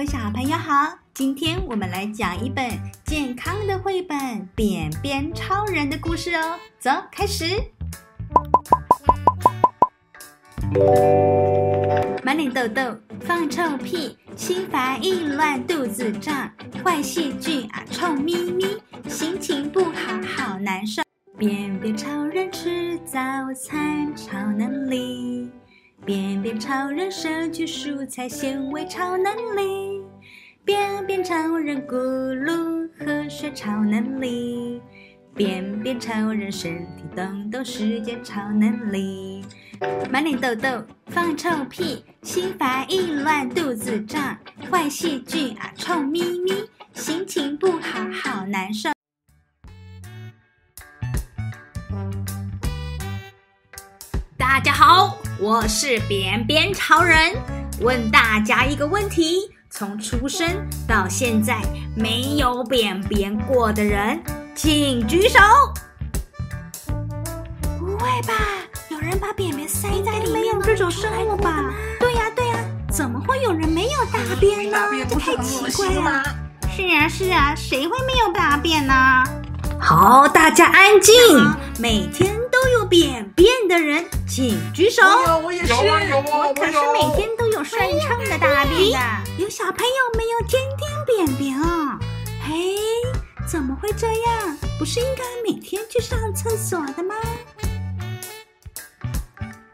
各位小朋友好，今天我們來講一本健康的繪本《便便超人的故事》哦。走，開始。滿臉痘痘，放臭屁，心煩意亂，肚子脹，壞細菌啊，臭咪咪，心情不好，好難受。便便超人吃早餐，超能力；便便超人攝取蔬菜纖維，超能力。便便超人咕嚕喝水，超能力，便便超人身體抖動時間超能力。滿臉痘痘，放臭屁，心煩意亂，肚子脹，壞細菌啊，臭咪咪，心情不好，好難受。大家好，我是便便超人，問大家一個問題。從出生到現在沒有便便過的人，請舉手。不會吧？有人把便便塞在裡面？沒有這種生物吧？的對呀、啊、對呀、啊，怎麼會有人沒有大便呢？嗯、是這太奇怪了、啊。是啊是啊，誰會沒有大便呢？好，大家安靜。然後每天都有便便的人，請舉手。我，我也是、啊啊啊、我，我可是每天都有順暢的大便。小朋友沒有天天便便哦，嘿，怎麼會這樣？不是應該每天去上廁所的嗎？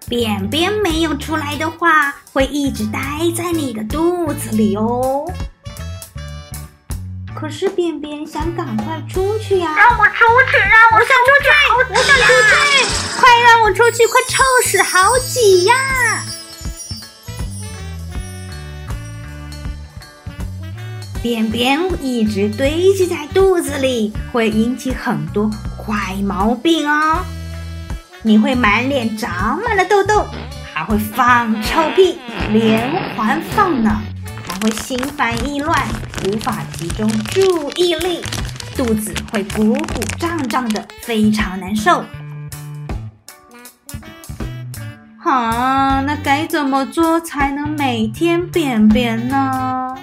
便便沒有出來的話，會一直待在你的肚子裡哦。可是便便想趕快出去呀，啊！讓我出去！讓我想出去！我想出去！快讓我出去！快臭死好擠呀，啊！便便一直堆積在肚子裡，會引起很多壞毛病哦。你會滿臉長滿了痘痘，還會放臭屁，連環放呢，還會心煩意亂，無法集中注意力，肚子會鼓鼓脹脹的，非常難受。啊，那該怎麼做才能每天便便呢？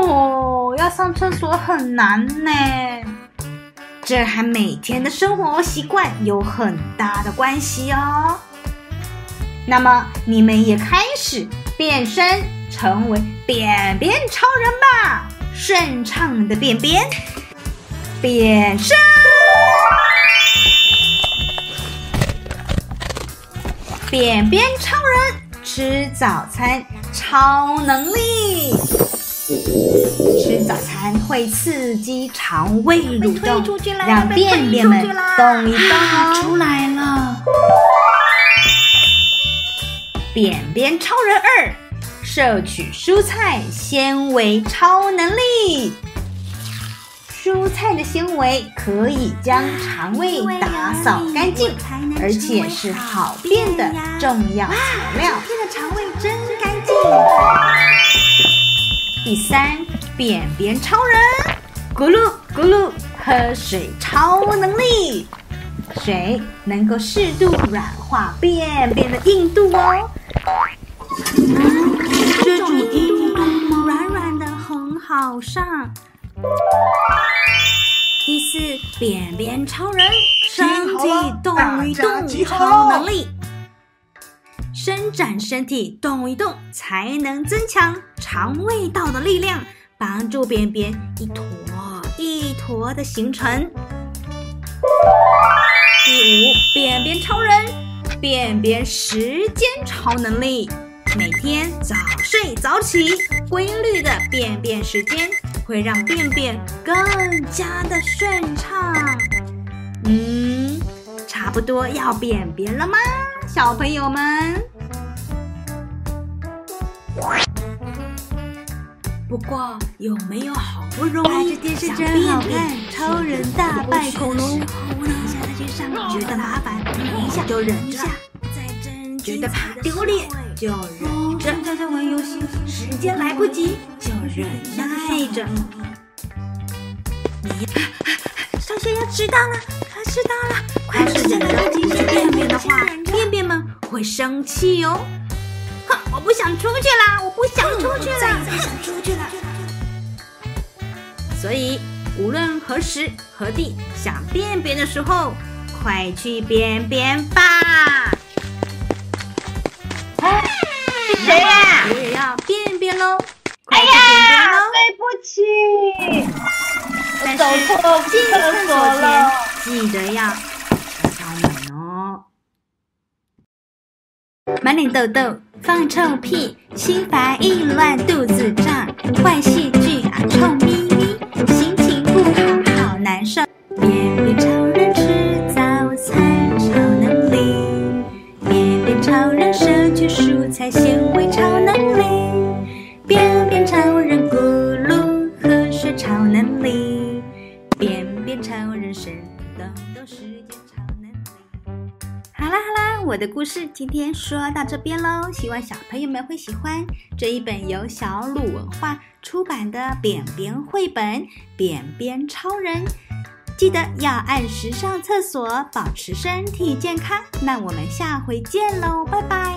哦，要上廁所很難呢，這和每天的生活習慣有很大的關係哦。那麼你們也開始變身成為便便超人吧，順暢的便便，變身，便便超人吃早餐，超能力。吃早餐會刺激腸胃蠕動，讓便便們動一動。出，啊、出來了！便便超人二，攝取蔬菜纖維超能力。蔬菜的纖維可以將腸胃打掃乾淨，啊啊、而且是好便的呀重要材料。哇，今天的腸胃真乾淨！第三，便便超人，咕嚕咕嚕喝水超能力，水能夠適度軟化便便的硬度哦。啊，這種硬度軟軟的很好上。第四，便便超人身體動一動超能力。伸展身體，動一動，才能增強腸胃道的力量，幫助便便一坨一坨的形成。第五，便便超人，便便時間超能力，每天早睡早起，規律的便便時間會讓便便更加的順暢。嗯，差不多要便便了嗎，小朋友們？不過有沒有好不容易想便便，不過需要的時候一下再去上，覺得麻煩就忍下；覺得怕丟臉就忍着；正在玩遊戲時間來不及就忍耐着。上學要遲到了，遲到了！要是忍到停止便便的話，便便們會生氣哦。我不想出去了，我不想出去了，再再去了。所以無論何時何地想便便的時候，快去便便吧。哎、誰呀？啊？我也要便便嘍！哎呀，便便對不起，是走錯了進廁所錯了。記得要。滿臉痘痘，放臭屁，心煩意亂，肚子脹，壞細菌啊，臭咪咪，心情不好，好難受。便便超人吃早餐，超能力；便便超人攝取蔬菜纖維，超能力；便便超人咕嚕喝水，超能力；便便超人省到到時間。好啦啦啦！我的故事今天說到這邊嘍，希望小朋友們會喜歡這一本由小魯文化出版的《便便繪本·便便超人》。記得要按時上廁所，保持身體健康。那我們下回見嘍，拜拜。